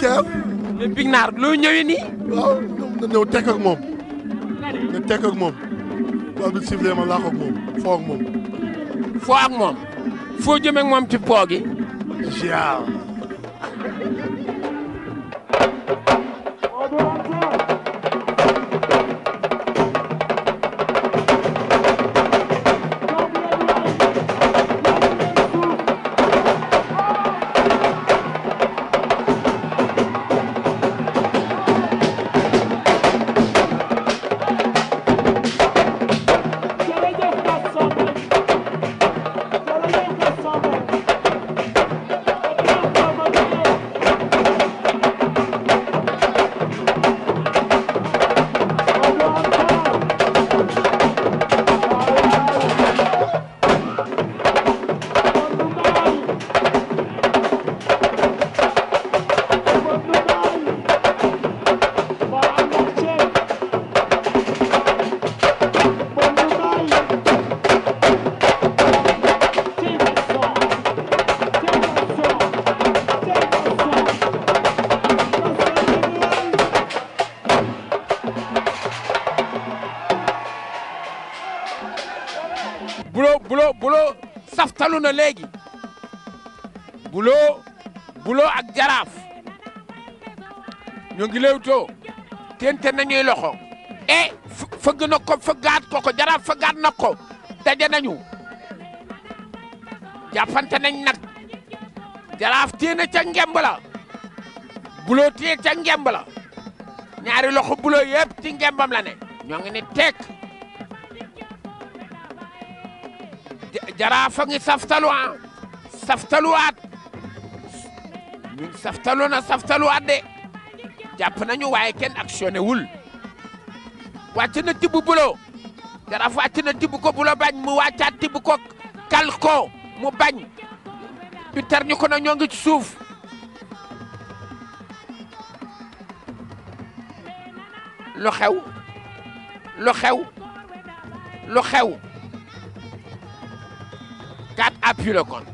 ceeb. mais Big Naar loo ñëwee nii. waaw na ñëw tekk ak moom. na tekk ak moom. waaw bi sifflé ma laax moom foo moom. foo ak moom. foo jëmee ak gi. bulo bulo bulo talu na léegi bulo bulo ak jaraaf ñu ngi léewtoo tente nañuy loxo e fëgg na ko fëggaat ko jaraaf fëggaat na ko daje nañu jàppante nañ nag jaraaf téye ca ngemb la bulo téye ca ngemb la ñaari loxo bulo yëpp ci ngembam la ne ñoo ngi ni teek jaraaf a ngi saftaluwaa saftaluwaat ñun saftalu na saftaluwaat de jàpp nañu waaye kenn actionné wul wàcc na tibb bulo jaraaf wàcc na tibb ko bulo bañ mu wàccaat tibb ko kal ko mu bañ ñu ñu ko na ñoo ngi ci suuf lu xew lu xew lu xew 4 appuie le compte.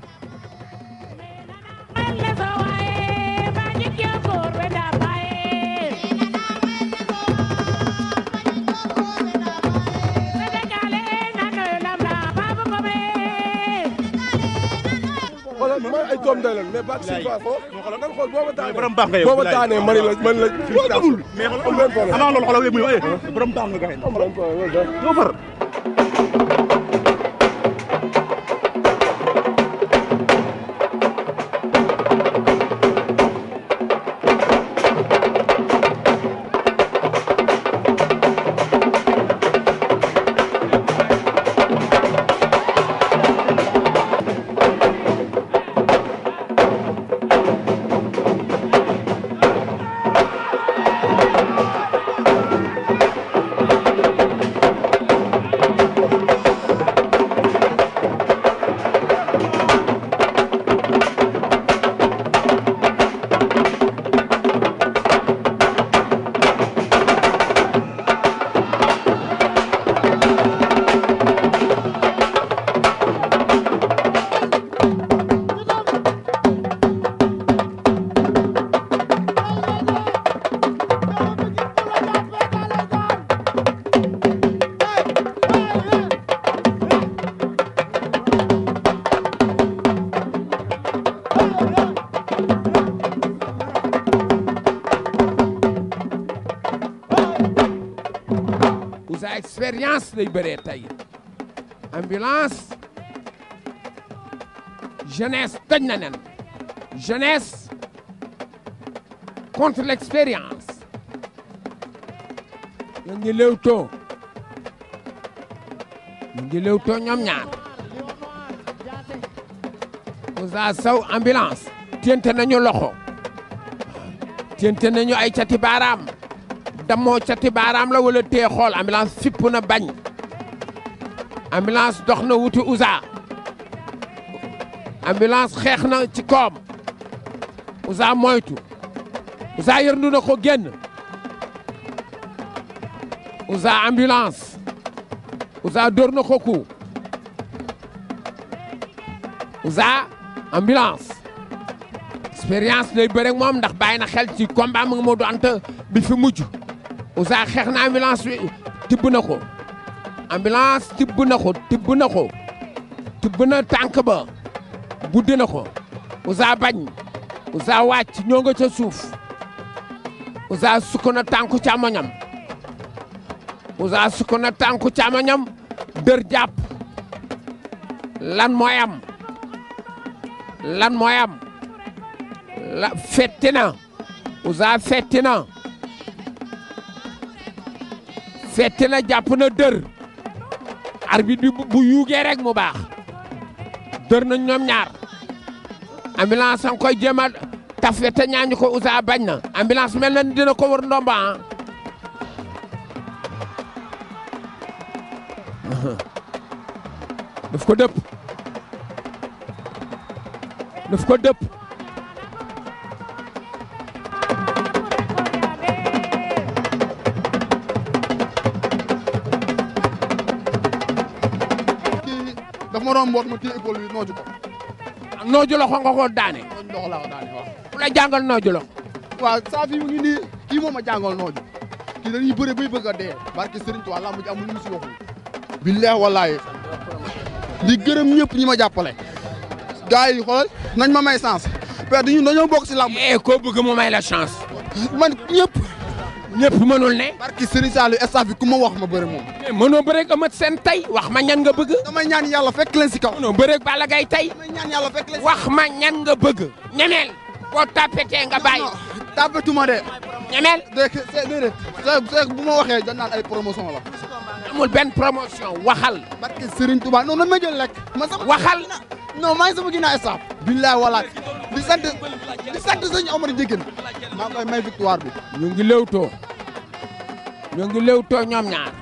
ay doom day lan mais baax si baax ko xoolal nga xool boo ma taanee borom baax nga yow boo ma taanee man la man la loolu amul mais xanaa loolu xoolal muy borom baax nga gaay borom baax nga far expérience lay bëree tey ambulance jeunesse toj na nen jeunesse contre l'expérience ñu ngi lewtoo ñoom ñaar Ousa Sow ambulance téente nañu loxo téente nañu ay cati baaraam damoo cati baaraam la wala tee xool ambulance fipp na bañ ambulance dox na wuti usa ambulance xeex na ci koom usa moytu usa yërndu na ko génn usa ambulance usa dóor na ko ku usa ambulance expérience lay bëre moom ndax bàyyi na xel ci combat mu du anta bi fi mujj Ousa xeex na ambulance bi tibb na ko ambulance tibb na ko tibb na ko tibb na tànk ba buddi na ko Ousa bañ Ousa wàcc ñoo nga ca suuf Ousa sukk na tànku càmmoñam Ousa sukk na tànku càmmoñam dër jàpp lan mooy lan mooy am la fetti na Ousa fetti na seeti na jàpp na dër arbitre bi bu yuugee rek mu baax dër na ñoom ñaar ambulance a ngi koy a tafe te ñaañu ko usa bañ na ambulance mel na ni dina ko wër ndomba ah daf ko dëpp daf ko dëpp ma doon mboot ma téye épaule bi nooju ko. nooju loxo nga ko daane. nooju loxo laa ko daane waaw. ku la jàngal nooju loxo. waaw saa mu ngi nii kii moom a jàngal nooju. kii dañuy bëre bay bëgg a dee. barke Serigne Touba làmb ji amul ñu si waxul. billahi wallahi di gërëm ñëpp ñi ma jàppale. gars yi xoolal nañ ma may chance. père dañu dañoo bokk si làmb. eh koo bëgg mu may la chance. man ñëpp. ñëpp mënul ne. barki Serigne Saliou staff bi ku ma wax ma bëri moom. mais mënoo bëreeg amat seen tey wax ma ñan nga bëgg. damay ñaan yàlla fekk leen si kaw. mënoo bëreeg Balla Gaye tey. damay ñaan yàlla fekk leen si wax ma ñan nga bëgg. ñemeel boo tapetee nga bàyyi. tapetuma de. ñemeel. déedéet déedéet bu ma waxee dañ naan ay promotion la. amul benn promotion waxal. barki Serigne Touba non nan ma jël lekk. ma sama waxal. non maa ngi sama ginnaaw staff. billaay walaay di sant di sant sëñ Omar Diegane maa ngi koy may victoire bi. ñu ngi lewtoo. ñoo ngi léwtoo ñoom ñaar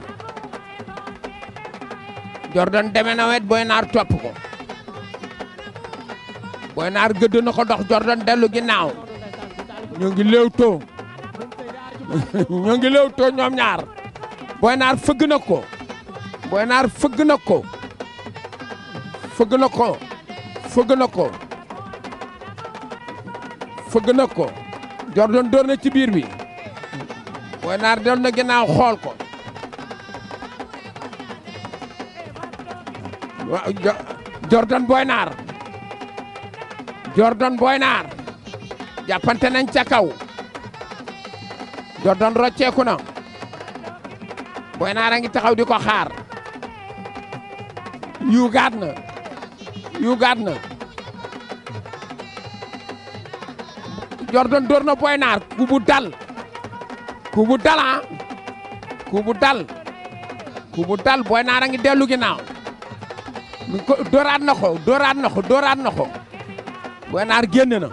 Jordan deme na wet Boy Naar topp ko Boy Naar gëdd na ko dox Jordan dellu ginnaaw ñoo ngi léwtoo ñoo ñoom ñaar Boy Naar fëgg na ko Boy Naar fëgg ko fëgg na ko fëgg na ko fëgg na ko na ci biir bi booy naar dellu na ginnaaw xool ko Jordan booy naar Jordan booy naar jàppante nañ ca kaw Jordan rocceeku na booy naar ngi taxaw di ko xaar yu gaat na yu gaat na Jordan dóor na booy gubu dal ku bu dal ah ku bu dal ku booy naar a ngi dellu ginnaaw mi ko dooraat na ko dooraat na ko dooraat na ko booy naar génn na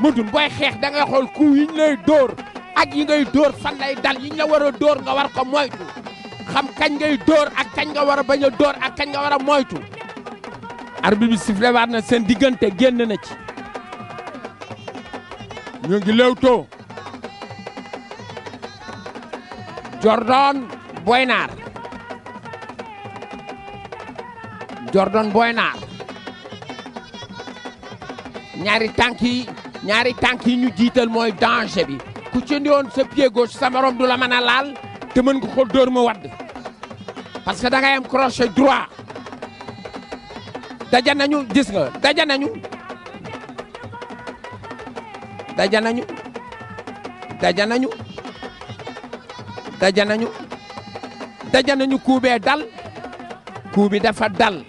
mëdun booy xeex da ngay xool ku yiñ lay dóor ak yi ngay dóor fan lay dal yiñ la war a dóor nga war ko moytu xam kañ ngay dóor ak kañ nga war bañ a dóor ak kañ nga war a moytu arbitre bi sifflé waat na seen diggante génn na ci ñu ngi lewtoo Jordan Boynar Jordan Boynar ñaari tànk ñaari tànk yi ñu jiital mooy danger bi ku ci ndiwoon sa pied gauche sa du la mën a laal te mën nga ko dóor mu wadd parce que da ngay am crochet droit daja nañu gis nga daja nañu daja nañu daja nañu daje nañu daje nañu kuubee dal kuu bi dafa dal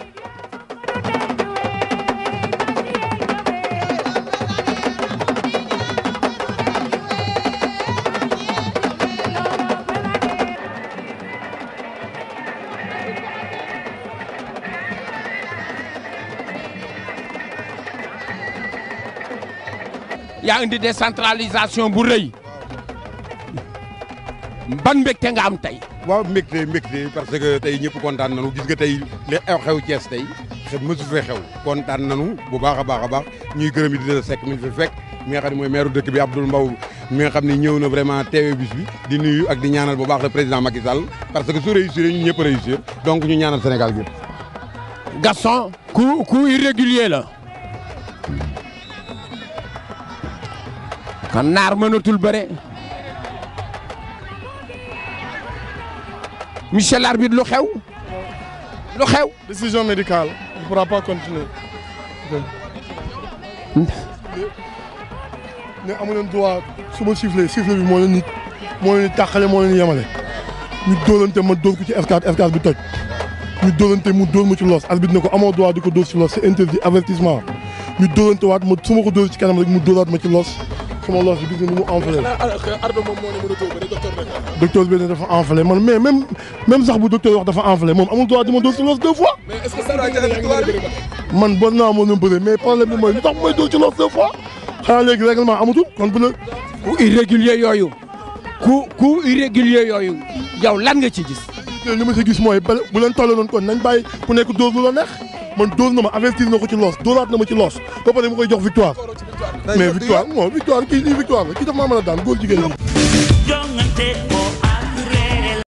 yaa indi décentralisation bu rëy ban mbégte nga am tey. waaw mbégte mbégte parce que tey ñëpp kontaan nañu gis nga tey li xew cees Thiès tey xet mësu xew kontaan nañu bu baax a baax a baax ñuy gërëm yi di sekk mi fi fekk mi xam ne mooy maire dëkk bi Abdoul Mbow mi nga xam ni ñëw na vraiment teewe bis bi di nuyu ak di ñaanal bu baax le président Macky Sall parce que su réussir ñu ñëpp réussir donc ñu ñaanal Sénégal gi. Gaston coup coup la. kan naar bare monsieur l'arbitre lu xew lu xew. décision médicale on ne pourra pas continuer. ne hmm. amu su ma sifflé sifflé bi moo leen nit moo leen tàqale moo leen yemale ñu dóolante ma ko ci F4 f bi toj ñu dóolante mu dóor ma ci loos arbitre ne ko amoo droit di ko dóor ci loos c'est avertissement ñu dóolante ma su ma ko dóor ci kanam rek mu dóoraat ma ci loos. sama loos bi gis nga ni mu enflé. dafa enflé man mais même sax bu docteur wax dafa enflé moom amul droit di ma dóor ci loos deux fois. man bon naa mën a bëre mais problème bi mooy li tax mooy dóor ci loos deux fois xanaa léegi règlement amatul kon bu ku irrégulier yooyu ku ku irrégulier yooyu yow lan nga ci gis. li ma ci gis mooy ba bu kon nañ bàyyi ku nekk dóor lu la man dóor na ma avertir na ko ci loos dóoraat na ma ci loos ba pare mais victoire non victoire kii ñuy victoire la kii dafa maa mën a daan góor jigéen ñi.